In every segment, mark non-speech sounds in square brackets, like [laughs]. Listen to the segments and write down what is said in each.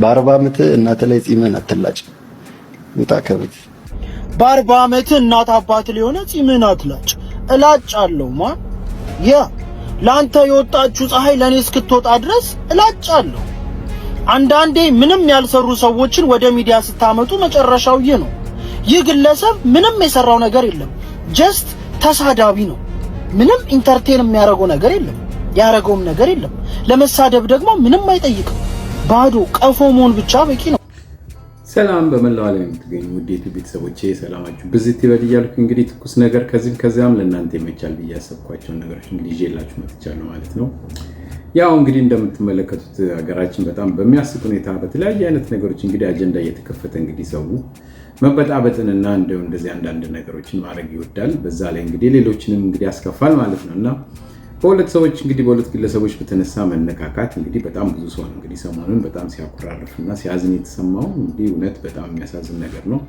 በአርባ ዓመት እናተ ላይ ፂምህን አትላጭ፣ ውጣ ከቤት። በአርባ ዓመት እናት አባት ሊሆነ ፂምህን አትላጭ። እላጭ አለው ማ ያ ለአንተ የወጣችሁ ፀሐይ ለእኔ እስክትወጣ ድረስ እላጭ አለው። አንዳንዴ ምንም ያልሰሩ ሰዎችን ወደ ሚዲያ ስታመጡ መጨረሻው ይህ ነው። ይህ ግለሰብ ምንም የሰራው ነገር የለም። ጀስት ተሳዳቢ ነው። ምንም ኢንተርቴን የሚያደርገው ነገር የለም። ያደረገውም ነገር የለም። ለመሳደብ ደግሞ ምንም አይጠይቅም። ባዶ ቀፎ መሆን ብቻ በቂ ነው። ሰላም በመላው ዓለም የምትገኙ ውዴቱ ቤተሰቦቼ ሰላማችሁ ብዝት ይበል እያልኩ እንግዲህ ትኩስ ነገር ከዚህም ከዚያም ለእናንተ ይመቻል ብዬ ያሰብኳቸውን ነገሮች እንግዲህ ይዤላችሁ መጥቻለሁ ማለት ነው። ያው እንግዲህ እንደምትመለከቱት ሀገራችን በጣም በሚያስቅ ሁኔታ በተለያየ አይነት ነገሮች እንግዲህ አጀንዳ እየተከፈተ እንግዲህ ሰው መበጣበጥንና እንደው እንደዚህ አንዳንድ ነገሮችን ማድረግ ይወዳል። በዛ ላይ እንግዲህ ሌሎችንም እንግዲህ ያስከፋል ማለት ነው እና በሁለት ሰዎች እንግዲህ በሁለት ግለሰቦች በተነሳ መነካካት እንግዲህ በጣም ብዙ ሰው ነው እንግዲህ ሰሞኑን በጣም ሲያኮራርፍ እና ሲያዝን የተሰማው እንግዲህ እውነት በጣም የሚያሳዝን ነገር ነው።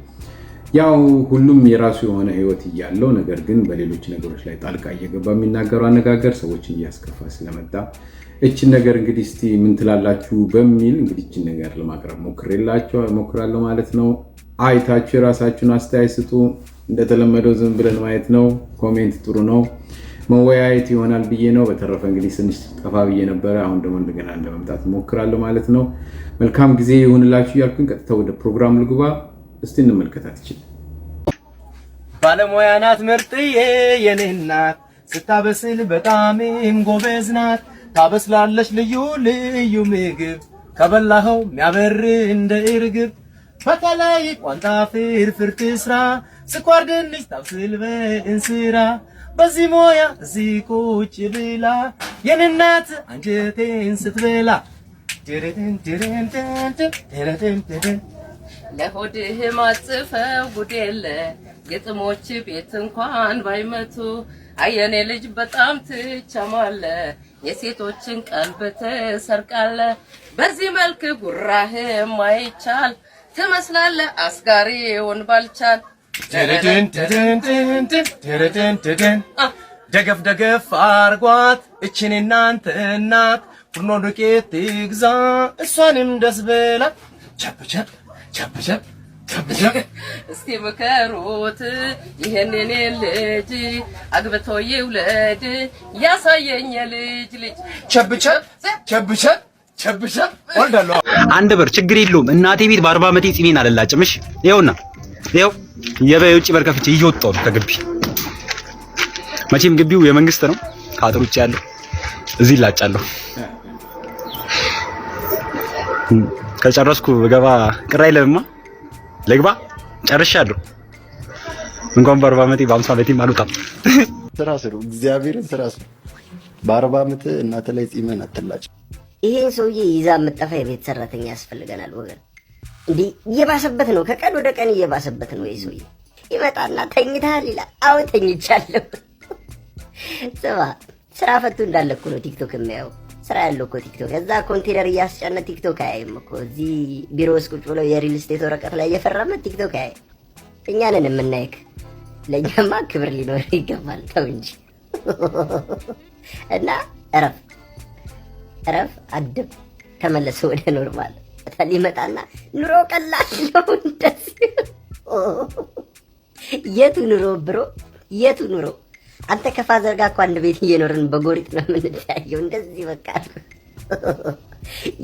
ያው ሁሉም የራሱ የሆነ ህይወት እያለው ነገር ግን በሌሎች ነገሮች ላይ ጣልቃ እየገባ የሚናገረው አነጋገር ሰዎችን እያስከፋ ስለመጣ እችን ነገር እንግዲህ እስቲ ምን ትላላችሁ በሚል እንግዲህ እችን ነገር ለማቅረብ ሞክራለሁ ማለት ነው። አይታችሁ የራሳችሁን አስተያየት ስጡ። እንደተለመደው ዝም ብለን ማየት ነው። ኮሜንት ጥሩ ነው። መወያየት ይሆናል ብዬ ነው። በተረፈ እንግዲህ ትንሽ ጠፋ ብዬ ነበረ። አሁን ደግሞ እንደገና ለመምጣት እሞክራለሁ ማለት ነው። መልካም ጊዜ ይሁንላችሁ እያልኩኝ ቀጥታ ወደ ፕሮግራም ልግባ። እስቲ እንመልከታት። ይችል ባለሙያ ናት፣ ምርጥዬ የኔ ናት፣ ስታበስል በጣምም ጎበዝ ናት። ታበስላለች ልዩ ልዩ ምግብ ከበላኸው የሚያበር እንደ እርግብ በተለይ ቋንጣ ፍርፍር ትስራ፣ ስኳር ድንች ታብስል በእንስራ በዚህ ሞያ እዚህ ቁጭ ብላ የንናት አንጀቴን ስትበላ ለሆድህ ማጽፈው ጉድ የለ ግጥሞች ቤት እንኳን ባይመቱ አየኔ ልጅ በጣም ትቸማለ የሴቶችን ቀልብ ትሰርቃለ። በዚህ መልክ ጉራህም አይቻል ትመስላለ አስጋሪውን ባልቻል ደገፍ ደገፍ አርጓት እችን እናንተ እናት ፉርኖ ዱቄት ይግዛ እሷንም ደስ ብላ ቸብቸብ ቸብቸብ ቸብቸብ እስቲ ምከሩት ይሄን የኔን ልጅ አግብቶ ይውለድ ያሳየኝ ልጅ ልጅ ቸብቸብ ቸብቸብ ቸብቸብ ወልዳለሁ። አንድ ብር ችግር የለውም እናቴ ቤት በአርባ ዓመቴ ጽሜን አልላጭም። እሺ ይኸውና ይኸው የውጭ በር ከፍቼ እየወጣሁ ነው ከግቢ። መቼም ግቢው የመንግስት ነው፣ ከአጥር ውጭ ያለው እዚህ ላጫለሁ። ከጨረስኩ ገባ ቅር አይልምማ። ልግባ፣ ጨርሻለሁ። እንኳን በአርባ ዓመቴ በአምሳ ዓመቴም አልወጣም። ስራ ስሩ፣ እግዚአብሔርን ስራ ስሩ። በአርባ ዓመት እናት ላይ ጺምን አትላጭ። ይሄ ሰውዬ ይዛ የምጠፋ የቤት ሰራተኛ ያስፈልገናል ወገን። እየባሰበት ነው፣ ከቀን ወደ ቀን እየባሰበት ነው። ይዞ ይመጣና ተኝተሃል ይላል። አዎ ተኝቻለሁ። [laughs] ስማ ስራ ፈቱ እንዳለ እኮ ነው ቲክቶክ የሚያየው። ስራ ያለው እኮ ቲክቶክ እዛ ኮንቴነር እያስጫነ ቲክቶክ አያይም እኮ። እዚህ ቢሮ ውስጥ ቁጭ ብለው የሪል ስቴት ወረቀት ላይ እየፈረመ ቲክቶክ አያይ። እኛንን የምናይክ ለእኛማ ክብር ሊኖር ይገባል። ተው እንጂ [laughs] እና እረፍ እረፍ፣ አድብ፣ ተመለሰ ወደ ኖርማል ሆስፒታል ይመጣና ኑሮ ቀላል ነው እንደዚህ። የቱ ኑሮ ብሮ የቱ ኑሮ አንተ ከፋዘር ጋር እኮ አንድ ቤት እየኖርን በጎሪጥ ነው የምንለያየው። እንደዚህ በቃ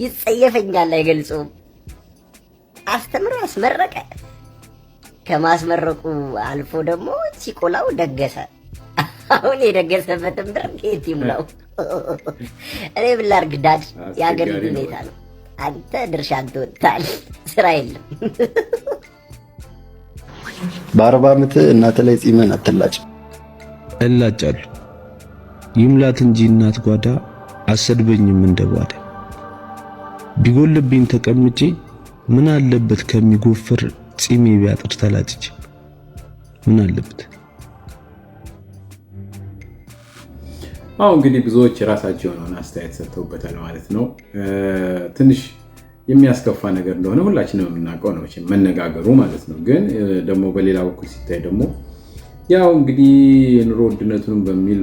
ይጸየፈኛል፣ አይገልጹም አስተምሮ አስመረቀ። ከማስመረቁ አልፎ ደግሞ ሲቆላው ደገሰ። አሁን የደገሰበትን ብር እንዴት ይሙላው? እኔ ምን ዳድ? የሀገር ሁኔታ ነው። አንተ ድርሻን ትወጣል፣ ስራ የለም። በአርባ ዓመት እናተ ላይ ጺምን አትላጭ። እላጫለሁ። ይምላት እንጂ እናት ጓዳ አሰድበኝም እንደ ጓዳ ቢጎልብኝ ተቀምጬ ምን አለበት ከሚጎፍር ጺሜ ቢያጥር ተላጭቼ ምን አለበት አሁን እንግዲህ ብዙዎች የራሳቸው የሆነውን አስተያየት ሰጥተውበታል ማለት ነው። ትንሽ የሚያስከፋ ነገር እንደሆነ ሁላችንም የምናውቀው ነው መነጋገሩ ማለት ነው። ግን ደግሞ በሌላ በኩል ሲታይ ደግሞ ያው እንግዲህ የኑሮ ውድነቱን በሚል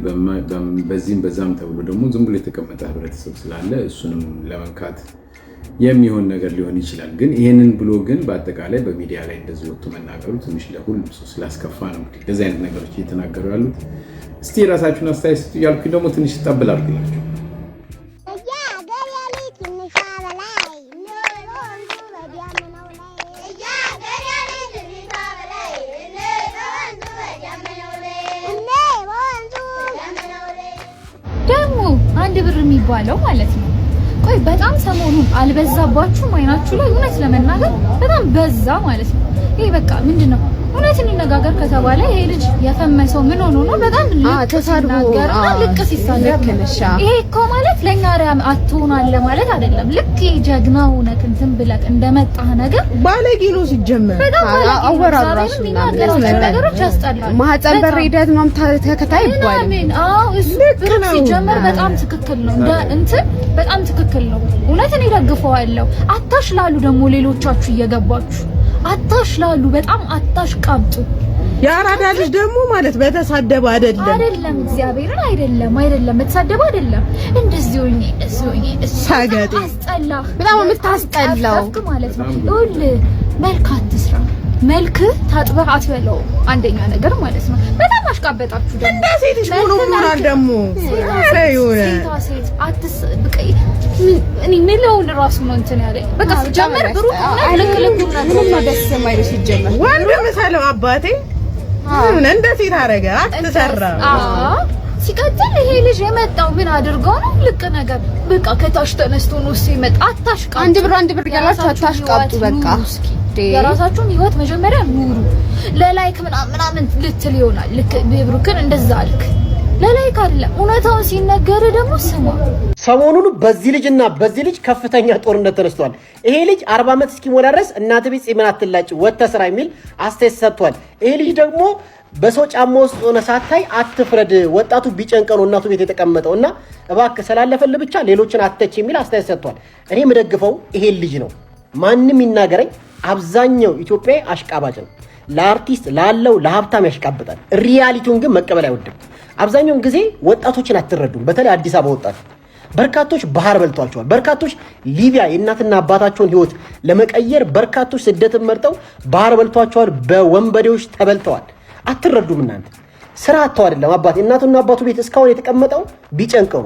በዚህም በዛም ተብሎ ደግሞ ዝም ብሎ የተቀመጠ ህብረተሰብ ስላለ እሱንም ለመንካት የሚሆን ነገር ሊሆን ይችላል። ግን ይህንን ብሎ ግን በአጠቃላይ በሚዲያ ላይ እንደዚህ ወጥቶ መናገሩ ትንሽ ለሁሉም ሰው ስላስከፋ ነው እንግዲህ እንደዚህ አይነት ነገሮች እየተናገሩ ያሉት። እስቲ የራሳችሁን አስተያየት ስጡ እያልኩኝ ደግሞ ትንሽ ጠብል አድርግላችሁ ደግሞ አንድ ብር የሚባለው ማለት ነው ቆይ በጣም ሰሞኑን አልበዛባችሁም? አይናችሁ ላይ እውነት ለመናገር በጣም በዛ ማለት ነው። ይሄ በቃ ምንድን ነው እውነት እንነጋገር ከተባለ ይሄ ልጅ የፈመሰው ምን ሆኖ ነው? በጣም ልክ ሲናገርና ሲሳለቅ ይሄ እኮ ማለት ለእኛ አርአያ አትሆናለ ማለት አይደለም። ልክ ጀግና ሆነህ እንትን ብለህ እንደመጣህ ነገር ባለጌ ነው ሲጀመር አወራራሽ ነገሮች ያስጠላል። ማህፀን በር ሂደት ነው ተከታይ ይባላል። አዎ እሱ ሲጀመር በጣም ትክክል ነው እንደ እንትን በጣም አልፈዋለሁ። አታሽ ላሉ ደግሞ ሌሎቻችሁ እየገባችሁ አታሽ ላሉ በጣም አታሽ ቀብጡ። የአራዳ ልጅ ደግሞ ማለት በተሳደበ አይደለም አይደለም፣ እግዚአብሔርን አይደለም አይደለም፣ በተሳደበ አይደለም። እንደዚህ ሆኜ እንደዚህ ሆኜ አስጠላህ። በጣም የምታስጠላው ማለት ነው። መልክ አትስራ መልክ ታጥበህ አትበለው። አንደኛ ነገር ማለት ነው። በጣም አሽቃበጣችሁ ደግሞ እንደ ሴትሽ ሆኖ ሆናል። ደግሞ ምን ራሱ ነው እንትን ያለ በቃ ሲጀመር ብሩ ወንድ ምንም አባቴ እንደ ሴት አደረገ አትሰራ ሲቀጥል ይሄ ልጅ የመጣው ምን አድርገው ነው? ልቅ ነገር በቃ ከታች ተነስቶ ነው ሲመጣ አታሽቃ አንድ ብር አንድ ብር ያላችሁ አታሽቃጡ በቃ የራሳችሁን ህይወት መጀመሪያ ኑሩ። ለላይክ ምናምን ልትል ይሆናል። ልክ ብሩክን እንደዛ አልክ ለላይክ አይደለም፣ እውነታውን ሲነገር ደግሞ ስማ። ሰሞኑን በዚህ ልጅ እና በዚህ ልጅ ከፍተኛ ጦርነት ተነስቷል። ይሄ ልጅ አርባ ዓመት እስኪሞላ ድረስ እናት ቤት ፂምን አትላጭ ወጥተህ ስራ የሚል አስተያየት ሰጥቷል። ይሄ ልጅ ደግሞ በሰው ጫማ ውስጥ ሆነ ሳታይ አትፍረድ፣ ወጣቱ ቢጨንቀ ነው እናቱ ቤት የተቀመጠው እና እባክህ ስላለፈልህ ብቻ ሌሎችን አተች የሚል አስተያየት ሰጥቷል። እኔ የምደግፈው ይሄን ልጅ ነው። ማንም ይናገረኝ፣ አብዛኛው ኢትዮጵያዊ አሽቃባጭ ነው። ለአርቲስት ላለው ለሀብታም ያሽቃብጣል። ሪያሊቲውን ግን መቀበል አይወድም። አብዛኛውን ጊዜ ወጣቶችን አትረዱም። በተለይ አዲስ አበባ ወጣት በርካቶች ባህር በልቷቸዋል። በርካቶች ሊቢያ የእናትና አባታቸውን ህይወት ለመቀየር በርካቶች ስደትን መርጠው ባህር በልቷቸዋል። በወንበዴዎች ተበልተዋል። አትረዱም እናንተ ስራ አተው አይደለም አባት እናቱና አባቱ ቤት እስካሁን የተቀመጠው ቢጨንቀሩ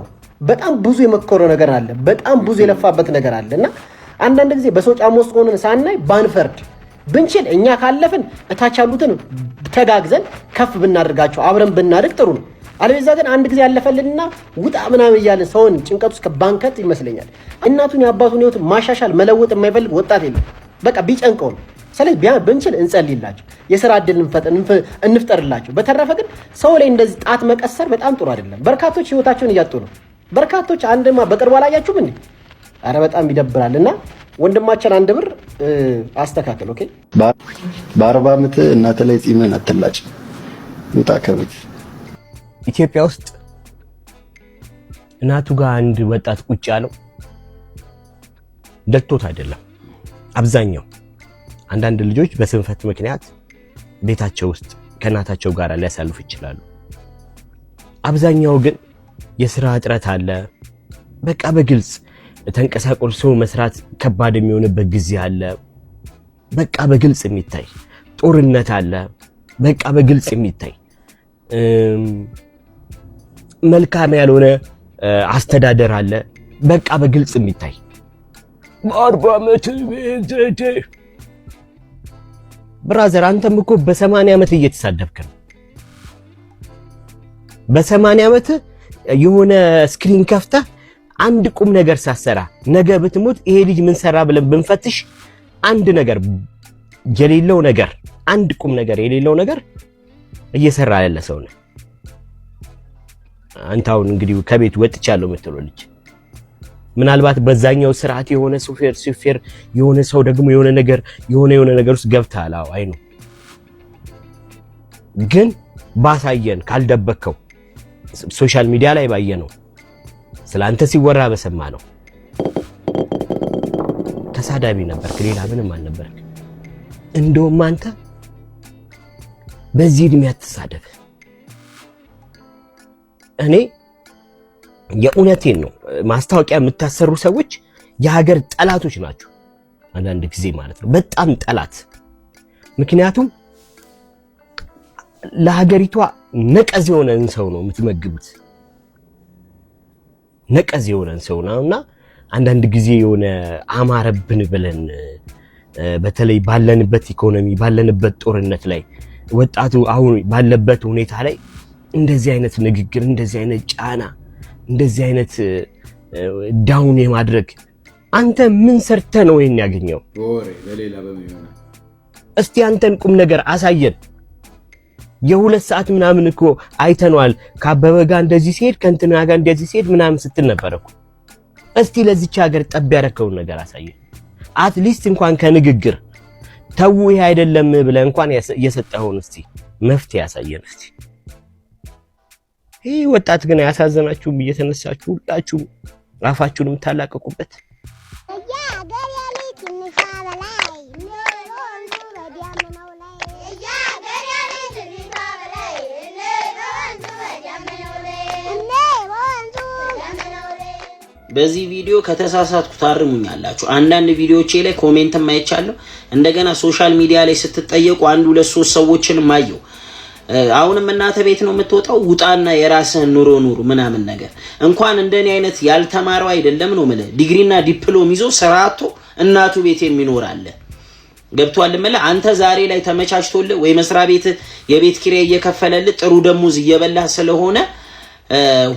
በጣም ብዙ የመከረው ነገር አለ። በጣም ብዙ የለፋበት ነገር አለ እና አንዳንድ ጊዜ በሰው ጫማ ውስጥ ሆነን ሳናይ ባንፈርድ ብንችል እኛ ካለፍን እታች ያሉትን ተጋግዘን ከፍ ብናደርጋቸው አብረን ብናደርግ ጥሩ ነው። አለበዛ ግን አንድ ጊዜ ያለፈልንና ውጣ ምናምን እያለን ሰውን ጭንቀት ውስጥ ባንከት ይመስለኛል። እናቱን የአባቱን ሕይወት ማሻሻል መለወጥ የማይፈልግ ወጣት የለም። በቃ ቢጨንቀው ነው። ስለዚህ ብንችል እንጸልይላቸው፣ የስራ እድል እንፍጠርላቸው። በተረፈ ግን ሰው ላይ እንደዚህ ጣት መቀሰር በጣም ጥሩ አይደለም። በርካቶች ህይወታቸውን እያጡ ነው። በርካቶች አንድማ በቅርቡ አላያችሁም እንዴ? አረ በጣም ይደብራል። እና ወንድማችን አንድ ብር አስተካክል። ኦኬ፣ በአርባ ዓመት እናተ ላይ ጺምን አትላጭ። ውጣ ከቤት። ኢትዮጵያ ውስጥ እናቱ ጋር አንድ ወጣት ቁጭ ያለው ደልቶት አይደለም። አብዛኛው አንዳንድ ልጆች በስንፈት ምክንያት ቤታቸው ውስጥ ከእናታቸው ጋር ሊያሳልፉ ይችላሉ። አብዛኛው ግን የስራ እጥረት አለ። በቃ በግልጽ ተንቀሳቅሶ መስራት ከባድ የሚሆንበት ጊዜ አለ። በቃ በግልጽ የሚታይ ጦርነት አለ። በቃ በግልጽ የሚታይ መልካም ያልሆነ አስተዳደር አለ። በቃ በግልጽ የሚታይ በአርባ ዓመት ብራዘር፣ አንተም እኮ በሰማንያ ዓመት እየተሳደብክ ነው። በሰማንያ ዓመት የሆነ ስክሪን ከፍተህ አንድ ቁም ነገር ሳሰራ ነገ ብትሞት ይሄ ልጅ ምን ሰራ ብለን ብንፈትሽ አንድ ነገር የሌለው ነገር አንድ ቁም ነገር የሌለው ነገር እየሰራ ያለ ሰው ነው። አንተ አሁን እንግዲህ ከቤት ወጥቻለሁ የምትለው ልጅ ምናልባት በዛኛው ስርዓት የሆነ ሱፌር ሱፌር የሆነ ሰው ደግሞ የሆነ ነገር የሆነ የሆነ ነገር ውስጥ ገብተሃል። አዎ አይ ነው። ግን ባሳየን ካልደበከው ሶሻል ሚዲያ ላይ ባየነው ስለ አንተ ሲወራ በሰማ ነው። ተሳዳቢ ነበርክ፣ ሌላ ምንም አልነበርክ። እንደውም አንተ በዚህ እድሜ አትሳደብ። እኔ የእውነቴን ነው። ማስታወቂያ የምታሰሩ ሰዎች የሀገር ጠላቶች ናቸው፣ አንዳንድ ጊዜ ማለት ነው። በጣም ጠላት። ምክንያቱም ለሀገሪቷ ነቀዝ የሆነን ሰው ነው የምትመግቡት። ነቀዝ የሆነን ሰው ነው እና አንዳንድ ጊዜ የሆነ አማረብን ብለን በተለይ ባለንበት ኢኮኖሚ ባለንበት ጦርነት ላይ ወጣቱ አሁን ባለበት ሁኔታ ላይ እንደዚህ አይነት ንግግር፣ እንደዚህ አይነት ጫና፣ እንደዚህ አይነት ዳውን የማድረግ አንተ ምን ሰርተ ነው ይሄን ያገኘው? እስቲ አንተን ቁም ነገር አሳየን። የሁለት ሰዓት ምናምን እኮ አይተነዋል። ከአበበ ጋር እንደዚህ ሲሄድ ከእንትና ጋር እንደዚህ ሲሄድ ምናምን ስትል ነበር እኮ። እስቲ ለዚች ሀገር ጠብ ያረከውን ነገር አሳየ። አትሊስት እንኳን ከንግግር ተው ይሄ አይደለም ብለህ እንኳን የሰጠኸውን እስቲ መፍትሄ ያሳየን እስቲ። ይህ ወጣት ግን አያሳዘናችሁም? እየተነሳችሁ ሁላችሁም አፋችሁን የምታላቀቁበት በዚህ ቪዲዮ ከተሳሳትኩ ታርሙኛላችሁ። አንዳንድ ቪዲዮዎቼ ላይ ኮሜንት ማይቻለሁ። እንደገና ሶሻል ሚዲያ ላይ ስትጠየቁ አንድ ሁለት ሶስት ሰዎችን ማየው። አሁንም እናተ ቤት ነው የምትወጣው፣ ውጣና የራስህን ኑሮ ኑሩ ምናምን ነገር። እንኳን እንደኔ አይነት ያልተማረው አይደለም ነው ምለ ዲግሪና ዲፕሎም ይዞ ስራ አቶ እናቱ ቤት የሚኖር አለ። ገብቷል ምለ አንተ ዛሬ ላይ ተመቻችቶልህ ወይ መስሪያ ቤት የቤት ኪራይ እየከፈለልህ ጥሩ ደሞዝ እየበላህ ስለሆነ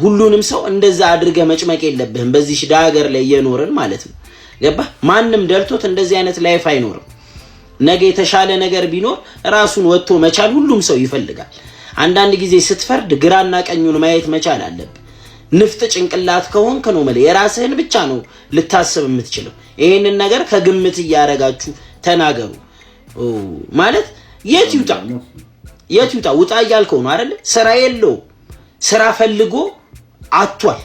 ሁሉንም ሰው እንደዛ አድርገ መጭመቅ የለብህም። በዚህ ሽዳ ሀገር ላይ እየኖርን ማለት ነው። ገባ ማንም ደልቶት እንደዚህ አይነት ላይፍ አይኖርም። ነገ የተሻለ ነገር ቢኖር ራሱን ወጥቶ መቻል ሁሉም ሰው ይፈልጋል። አንዳንድ ጊዜ ስትፈርድ ግራና ቀኙን ማየት መቻል አለብህ። ንፍጥ ጭንቅላት ከሆንክ ነው መለ የራስህን ብቻ ነው ልታስብ የምትችለው። ይህንን ነገር ከግምት እያደረጋችሁ ተናገሩ ማለት የት ይውጣ የት ይውጣ ውጣ እያልከው ነው አይደለ? ስራ የለውም ስራ ፈልጎ አቷል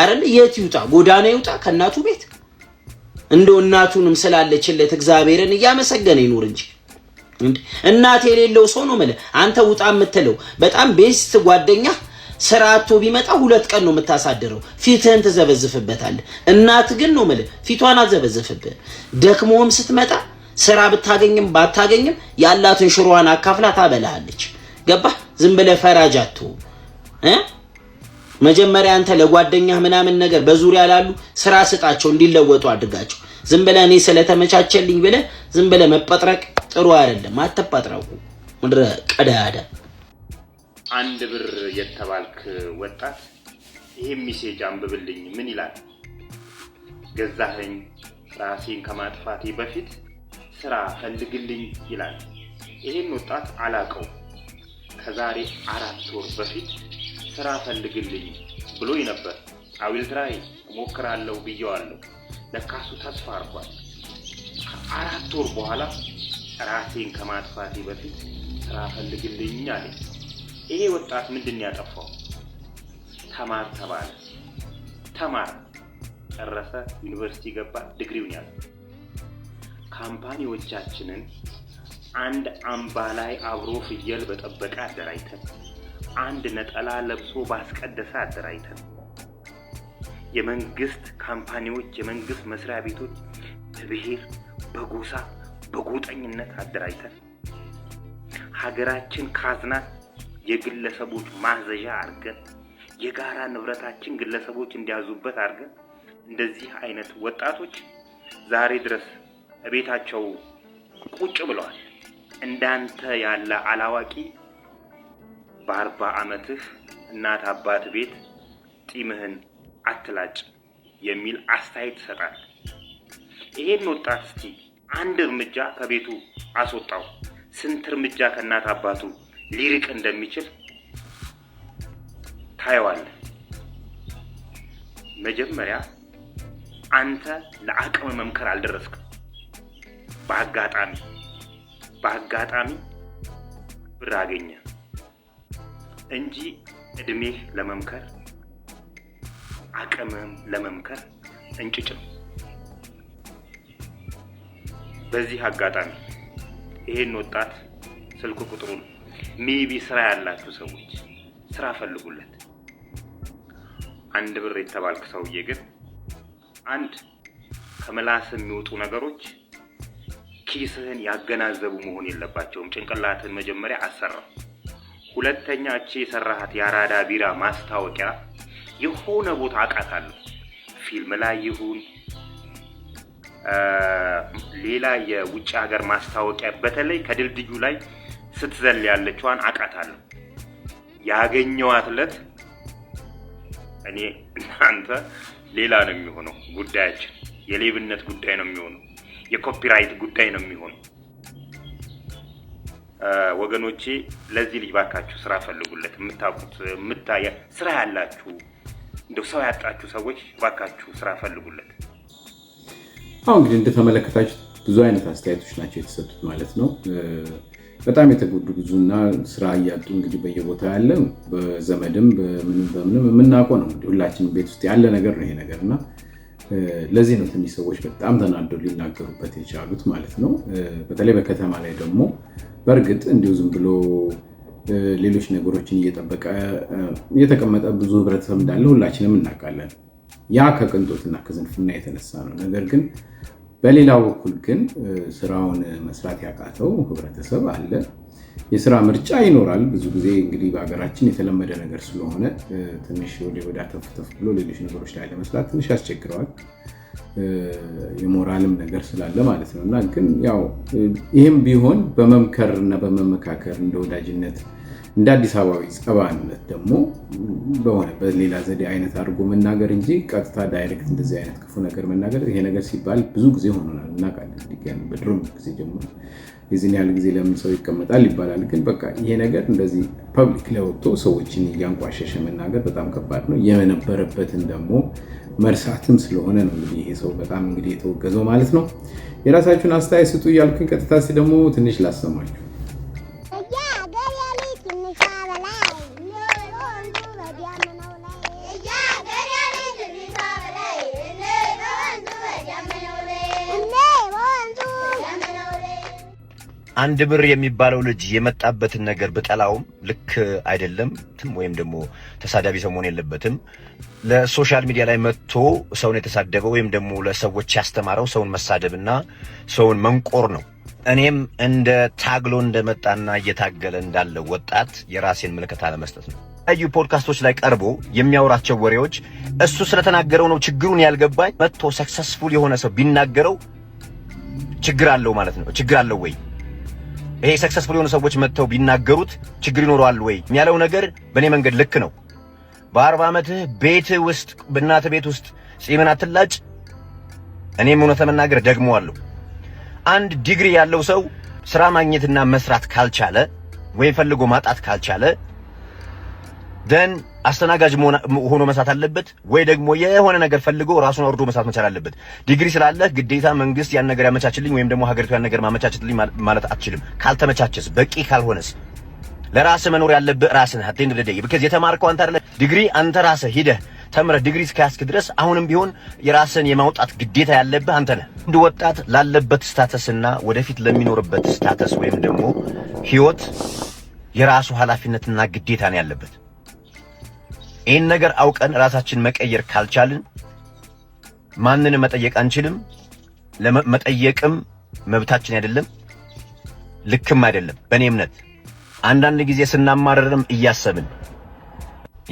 አይደል? የት ይውጣ? ጎዳና ይውጣ ከእናቱ ቤት። እንደው እናቱንም ስላለችለት እግዚአብሔርን እያመሰገነ ይኑር እንጂ እናት የሌለው ሰው ነው የምልህ። አንተ ውጣ የምትለው በጣም ቤስት ጓደኛ ስራ አቶ ቢመጣ ሁለት ቀን ነው የምታሳድረው። ፊትህን ትዘበዝፍበታለህ። እናት ግን ነው የምልህ ፊቷን አዘበዝፍብህ። ደክሞም ስትመጣ ስራ ብታገኝም ባታገኝም ያላትን ሽሮዋን አካፍላ ታበላሃለች። ገባህ? ዝም ብለህ ፈራጅ አትሁን። መጀመሪያ አንተ ለጓደኛህ ምናምን ነገር በዙሪያ ላሉ ስራ ስጣቸው፣ እንዲለወጡ አድርጋቸው። ዝም ብለህ እኔ ስለተመቻቸልኝ ብለህ ዝም ብለህ መጠጥረቅ ጥሩ አይደለም። አትጠራቁ ምድረ ቀዳዳ። አንድ ብር የተባልክ ወጣት ይሄ ሚሴጅ አንብብልኝ ምን ይላል? ገዛኸኝ ራሴን ከማጥፋቴ በፊት ስራ ፈልግልኝ ይላል። ይህን ወጣት አላቀው ከዛሬ አራት ወር በፊት ስራ ፈልግልኝ ብሎኝ ነበር። አዊል ትራይ እሞክራለሁ ብየዋለሁ። ለካሱ ተስፋ አርጓል። ከአራት ወር በኋላ ራሴን ከማጥፋቴ በፊት ስራ ፈልግልኝ አለ። ይሄ ወጣት ምንድን ያጠፋው? ተማር ተባለ። ተማር ጨረሰ፣ ዩኒቨርሲቲ ገባ፣ ዲግሪውን ያለ ካምፓኒዎቻችንን አንድ አምባ ላይ አብሮ ፍየል በጠበቀ አደራጅተን አንድ ነጠላ ለብሶ ባስቀደሰ አደራጅተን የመንግስት ካምፓኒዎች፣ የመንግስት መስሪያ ቤቶች በብሔር በጎሳ በጎጠኝነት አደራጅተን ሀገራችን ካዝናት የግለሰቦች ማዘዣ አድርገን የጋራ ንብረታችን ግለሰቦች እንዲያዙበት አድርገን እንደዚህ አይነት ወጣቶች ዛሬ ድረስ ቤታቸው ቁጭ ብለዋል። እንዳንተ ያለ አላዋቂ በአርባ ዓመትህ እናት አባት ቤት ጢምህን አትላጭ የሚል አስተያየት ይሰጣል። ይሄን ወጣት እስቲ አንድ እርምጃ ከቤቱ አስወጣው፣ ስንት እርምጃ ከእናት አባቱ ሊርቅ እንደሚችል ታየዋለህ። መጀመሪያ አንተ ለአቅም መምከር አልደረስክም። በአጋጣሚ በአጋጣሚ ብር አገኘ። እንጂ እድሜህ ለመምከር አቅምም ለመምከር እንጭጭ በዚህ አጋጣሚ ይሄን ወጣት ስልክ ቁጥሩን ሜቢ ስራ ያላችሁ ሰዎች ስራ ፈልጉለት። አንድ ብር የተባልክ ሰውዬ ግን አንድ ከመላስ የሚወጡ ነገሮች ኪስህን ያገናዘቡ መሆን የለባቸውም። ጭንቅላትህን መጀመሪያ አሰራው። ሁለተኛ እቺ የሰራሃት የአራዳ ቢራ ማስታወቂያ የሆነ ቦታ አውቃታለሁ፣ ፊልም ላይ ይሁን ሌላ የውጭ ሀገር ማስታወቂያ፣ በተለይ ከድልድዩ ላይ ስትዘል ያለችዋን አውቃታለሁ። ያገኘዋት ዕለት እኔ እናንተ ሌላ ነው የሚሆነው ጉዳያችን። የሌብነት ጉዳይ ነው የሚሆነው። የኮፒራይት ጉዳይ ነው የሚሆነው። ወገኖቼ ለዚህ ልጅ ባካችሁ ስራ ፈልጉለት። የምታውቁት የምታየ ስራ ያላችሁ እንደው ሰው ያጣችሁ ሰዎች ባካችሁ ስራ ፈልጉለት። አሁን እንግዲህ እንደተመለከታችሁ ብዙ አይነት አስተያየቶች ናቸው የተሰጡት ማለት ነው። በጣም የተጎዱ ብዙና ስራ እያጡ እንግዲህ በየቦታ ያለ በዘመድም በምንም በምንም የምናውቀው ነው። ሁላችንም ቤት ውስጥ ያለ ነገር ነው ይሄ ነገር እና ለዚህ ነው ትንሽ ሰዎች በጣም ተናደው ሊናገሩበት የቻሉት ማለት ነው። በተለይ በከተማ ላይ ደግሞ በእርግጥ እንዲሁ ዝም ብሎ ሌሎች ነገሮችን እየጠበቀ እየተቀመጠ ብዙ ህብረተሰብ እንዳለ ሁላችንም እናውቃለን። ያ ከቅንጦትና ከዝንፍና የተነሳ ነው። ነገር ግን በሌላ በኩል ግን ስራውን መስራት ያቃተው ህብረተሰብ አለ። የስራ ምርጫ ይኖራል። ብዙ ጊዜ እንግዲህ በሀገራችን የተለመደ ነገር ስለሆነ ትንሽ ወደ ወዳ ተፍተፍ ብሎ ሌሎች ነገሮች ላይ ለመስራት ትንሽ ያስቸግረዋል። የሞራልም ነገር ስላለ ማለት ነው እና ግን ያው ይህም ቢሆን በመምከር እና በመመካከር እንደ ወዳጅነት እንደ አዲስ አበባዊ ጸባነት ደግሞ በሆነ በሌላ ዘዴ አይነት አድርጎ መናገር እንጂ ቀጥታ ዳይሬክት እንደዚህ አይነት ክፉ ነገር መናገር ይሄ ነገር ሲባል ብዙ ጊዜ ሆኖናል እናውቃለን። በድሮም ጊዜ ጀምሮ የዚህን ያህል ጊዜ ለምን ሰው ይቀመጣል ይባላል። ግን በቃ ይሄ ነገር እንደዚህ ፐብሊክ ላይ ወጥቶ ሰዎችን እያንቋሸሸ መናገር በጣም ከባድ ነው። የነበረበትን ደግሞ መርሳትም ስለሆነ ነው እንግዲህ ይሄ ሰው በጣም እንግዲህ የተወገዘው ማለት ነው። የራሳችሁን አስተያየት ስጡ እያልኩኝ ቀጥታ ሲ ደግሞ ትንሽ ላሰማችሁ። አንድ ብር የሚባለው ልጅ የመጣበትን ነገር ብጠላውም ልክ አይደለም ወይም ደግሞ ተሳዳቢ ሰው መሆን የለበትም። ለሶሻል ሚዲያ ላይ መጥቶ ሰውን የተሳደበው ወይም ደግሞ ለሰዎች ያስተማረው ሰውን መሳደብና ሰውን መንቆር ነው። እኔም እንደ ታግሎ እንደመጣና እየታገለ እንዳለ ወጣት የራሴን ምልከታ ለመስጠት ነው። ዩ ፖድካስቶች ላይ ቀርቦ የሚያወራቸው ወሬዎች እሱ ስለተናገረው ነው ችግሩን ያልገባኝ። መጥቶ ሰክሰስፉል የሆነ ሰው ቢናገረው ችግር አለው ማለት ነው። ችግር አለው ወይ? ይሄ ሰክሰስፉል የሆኑ ሰዎች መጥተው ቢናገሩት ችግር ይኖረዋል ወይ የሚያለው ነገር በእኔ መንገድ ልክ ነው። በአርባ ዓመትህ ቤት ውስጥ በእናት ቤት ውስጥ ጺምን አትላጭ። እኔም እውነት መናገር ደግመዋለሁ። አንድ ዲግሪ ያለው ሰው ስራ ማግኘትና መስራት ካልቻለ ወይም ፈልጎ ማጣት ካልቻለ ደን አስተናጋጅ ሆኖ መስራት አለበት፣ ወይ ደግሞ የሆነ ነገር ፈልጎ ራሱን አውርዶ መስራት መቻል አለበት። ዲግሪ ስላለ ግዴታ መንግስት ያን ነገር ያመቻችልኝ ወይም ደግሞ ሀገሪቱ ያን ነገር ማመቻችልኝ ማለት አትችልም። ካልተመቻቸስ፣ በቂ ካልሆነስ፣ ለራስ መኖር ያለብህ ራስን ነህ። አቴን ደደይ ቢካዝ የተማርከው አንተ አይደለ። ዲግሪ አንተ ራስ ሂደህ ተምረህ ዲግሪ እስከያዝክ ድረስ አሁንም ቢሆን የራስን የማውጣት ግዴታ ያለብህ አንተ ነህ። አንድ ወጣት ላለበት ስታተስና ወደፊት ለሚኖርበት ስታተስ ወይም ደግሞ ህይወት የራሱ ኃላፊነትና ግዴታ ነው ያለበት። ይህን ነገር አውቀን ራሳችን መቀየር ካልቻልን ማንን መጠየቅ አንችልም። ለመጠየቅም መብታችን አይደለም፣ ልክም አይደለም። በእኔ እምነት አንዳንድ ጊዜ ስናማረርም እያሰብን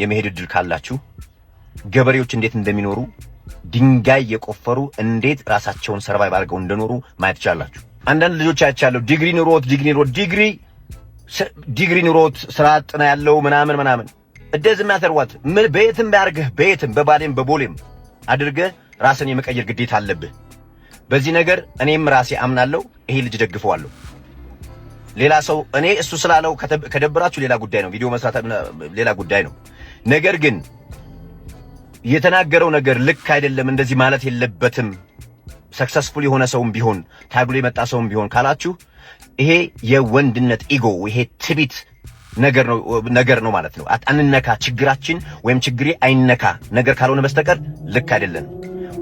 የመሄድ እድል ካላችሁ ገበሬዎች እንዴት እንደሚኖሩ ድንጋይ የቆፈሩ እንዴት ራሳቸውን ሰርቫይቭ አድርገው እንደኖሩ ማየት ይቻላችሁ። አንዳንድ ልጆች አይቻለሁ። ዲግሪ ኑሮት ዲግሪ ኑሮት ዲግሪ ዲግሪ ኑሮት ስራ አጥና ያለው ምናምን ምናምን እንደዚህ የሚያተርዋት በየትም ያርግህ፣ በየትም በባሌም በቦሌም አድርገህ ራስን የመቀየር ግዴታ አለብህ። በዚህ ነገር እኔም ራሴ አምናለሁ። ይሄ ልጅ ደግፈዋለሁ። ሌላ ሰው እኔ እሱ ስላለው ከደብራችሁ ሌላ ጉዳይ ነው፣ ቪዲዮ መስራት ሌላ ጉዳይ ነው። ነገር ግን የተናገረው ነገር ልክ አይደለም፣ እንደዚህ ማለት የለበትም። ሰክሰስፉል የሆነ ሰውም ቢሆን ታግሎ የመጣ ሰውም ቢሆን ካላችሁ ይሄ የወንድነት ኢጎ ይሄ ትቢት ነገር ነው ነገር ነው ማለት ነው። አንነካ ችግራችን ወይም ችግሬ አይነካ ነገር ካልሆነ በስተቀር ልክ አይደለም።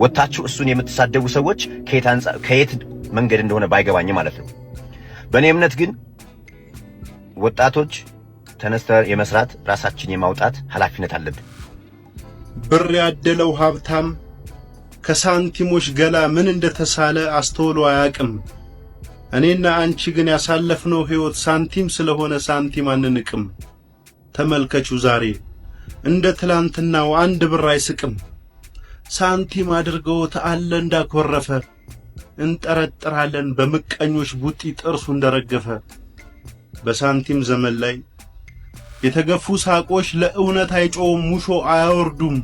ወታችሁ እሱን የምትሳደቡ ሰዎች ከየት መንገድ እንደሆነ ባይገባኝ ማለት ነው። በእኔ እምነት ግን ወጣቶች ተነስተ የመስራት ራሳችን የማውጣት ኃላፊነት አለብን። ብር ያደለው ሀብታም ከሳንቲሞች ገላ ምን እንደተሳለ አስተውሎ አያውቅም። እኔና አንቺ ግን ያሳለፍነው ሕይወት ሳንቲም ስለሆነ ሳንቲም አንንቅም። ተመልከቹ ዛሬ እንደ ትላንትናው አንድ ብር አይስቅም። ሳንቲም አድርገውት አለ እንዳኮረፈ እንጠረጥራለን በምቀኞች ቡጢ ጥርሱ እንደረገፈ። በሳንቲም ዘመን ላይ የተገፉ ሳቆች ለእውነት አይጮውም፣ ሙሾ አያወርዱም።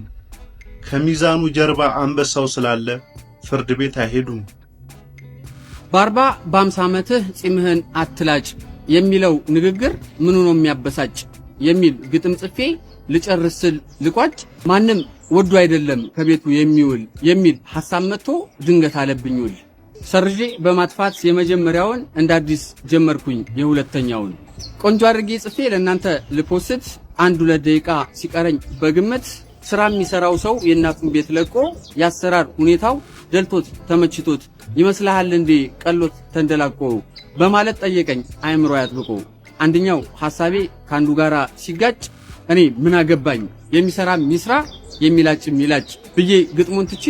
ከሚዛኑ ጀርባ አንበሳው ስላለ ፍርድ ቤት አይሄዱም። በአርባ በአምሳ ዓመትህ ጺምህን አትላጭ የሚለው ንግግር ምኑ ነው የሚያበሳጭ የሚል ግጥም ጽፌ ልጨርስ ስል ልቋጭ ማንም ወዱ አይደለም ከቤቱ የሚውል የሚል ሐሳብ መጥቶ ድንገት አለብኝ ውል ሰርዤ በማጥፋት የመጀመሪያውን እንደ አዲስ ጀመርኩኝ የሁለተኛውን ቆንጆ አድርጌ ጽፌ ለእናንተ ልፖስት አንድ ሁለት ደቂቃ ሲቀረኝ በግምት ስራ የሚሰራው ሰው የእናቱን ቤት ለቆ የአሰራር ሁኔታው ደልቶት ተመችቶት ይመስልሃል እንዴ ቀሎት ተንደላቆ በማለት ጠየቀኝ። አእምሮ ያጥብቆ አንደኛው ሐሳቤ ከአንዱ ጋራ ሲጋጭ እኔ ምን አገባኝ የሚሰራ ሚስራ የሚላጭ ሚላጭ ብዬ ግጥሙን ትቼ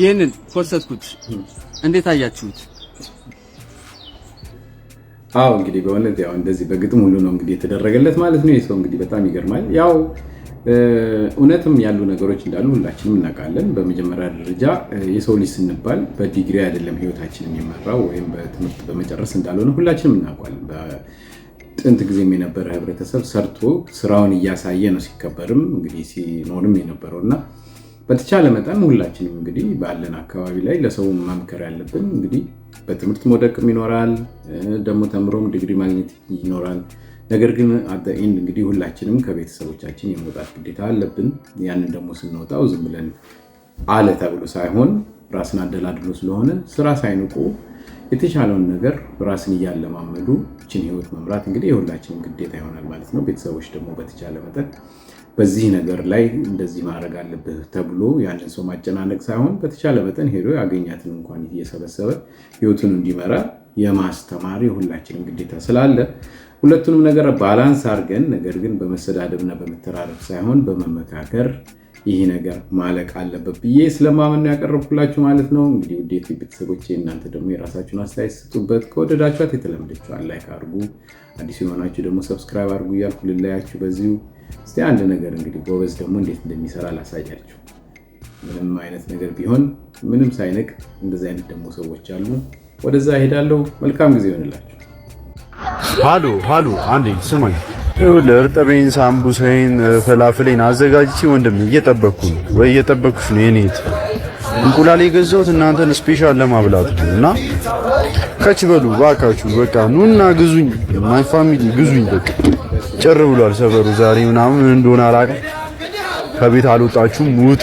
ይህንን ኮርሰትኩት። እንዴት አያችሁት? አዎ እንግዲህ በእውነት ያው እንደዚህ በግጥም ሁሉ ነው እንግዲህ የተደረገለት ማለት ነው። ይህ ሰው እንግዲህ በጣም ይገርማል ያው እውነትም ያሉ ነገሮች እንዳሉ ሁላችንም እናውቃለን። በመጀመሪያ ደረጃ የሰው ልጅ ስንባል በዲግሪ አይደለም ህይወታችን የሚመራው ወይም በትምህርት በመጨረስ እንዳልሆነ ሁላችንም እናውቃለን። ጥንት ጊዜም የነበረ ህብረተሰብ ሰርቶ ስራውን እያሳየ ነው ሲከበርም እንግዲህ ሲኖርም የነበረው እና በተቻለ መጠን ሁላችንም እንግዲህ ባለን አካባቢ ላይ ለሰው መምከር ያለብን እንግዲህ በትምህርት መውደቅም ይኖራል፣ ደግሞ ተምሮም ዲግሪ ማግኘት ይኖራል። ነገር ግን አት እንግዲህ ሁላችንም ከቤተሰቦቻችን የመውጣት ግዴታ አለብን። ያንን ደግሞ ስንወጣው ዝም ብለን አለ ተብሎ ሳይሆን ራስን አደላድሎ ስለሆነ ስራ ሳይንቁ የተቻለውን ነገር ራስን እያለማመዱ ችን ህይወት መምራት እንግዲህ የሁላችንም ግዴታ ይሆናል ማለት ነው። ቤተሰቦች ደግሞ በተቻለ መጠን በዚህ ነገር ላይ እንደዚህ ማድረግ አለብህ ተብሎ ያንን ሰው ማጨናነቅ ሳይሆን በተቻለ መጠን ሄዶ ያገኛትን እንኳን እየሰበሰበ ህይወቱን እንዲመራ የማስተማር የሁላችንም ግዴታ ስላለ ሁለቱንም ነገር ባላንስ አድርገን ነገር ግን በመሰዳደብና በመተራረብ ሳይሆን በመመካከር ይህ ነገር ማለቅ አለበት ብዬ ስለማመን ያቀረብኩላችሁ ማለት ነው። እንግዲህ ውዴት ቤተሰቦች እናንተ ደግሞ የራሳችሁን አስተያየት ስጡበት። ከወደዳችኋት የተለመደችዋን ላይክ አድርጉ፣ አዲሱ የሆናችሁ ደግሞ ሰብስክራይብ አድርጉ እያልኩ ልለያችሁ በዚሁ። እስኪ አንድ ነገር እንግዲህ ጎበዝ ደግሞ እንዴት እንደሚሰራ ላሳያችሁ። ምንም አይነት ነገር ቢሆን ምንም ሳይንቅ እንደዚህ አይነት ደግሞ ሰዎች አሉ። ወደዛ እሄዳለሁ። መልካም ጊዜ ይሆንላችሁ። ሀሉ ሀሉ አንዴ ስማኝ፣ እርጥቤን፣ ሳምቡሳዬን፣ ፈላፍሌን አዘጋጅቼ ወንድም እየጠበቅኩ ነው ወይ እየጠበቅኩሽ ነው የኔ እንቁላል የገዛሁት እናንተን ስፔሻል ለማብላት ነው እና ከች በሉ እባካችሁ፣ በቃ ኑና ግዙኝ፣ ማይ ፋሚሊ ግዙኝ። በቃ ጭር ብሏል ሰፈሩ ዛሬ ምናምን እንደሆነ አላውቅም። ከቤት አልወጣችሁም፣ ውጡ።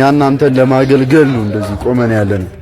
ያ እናንተን ለማገልገል ነው እንደዚህ ቆመን ያለነው።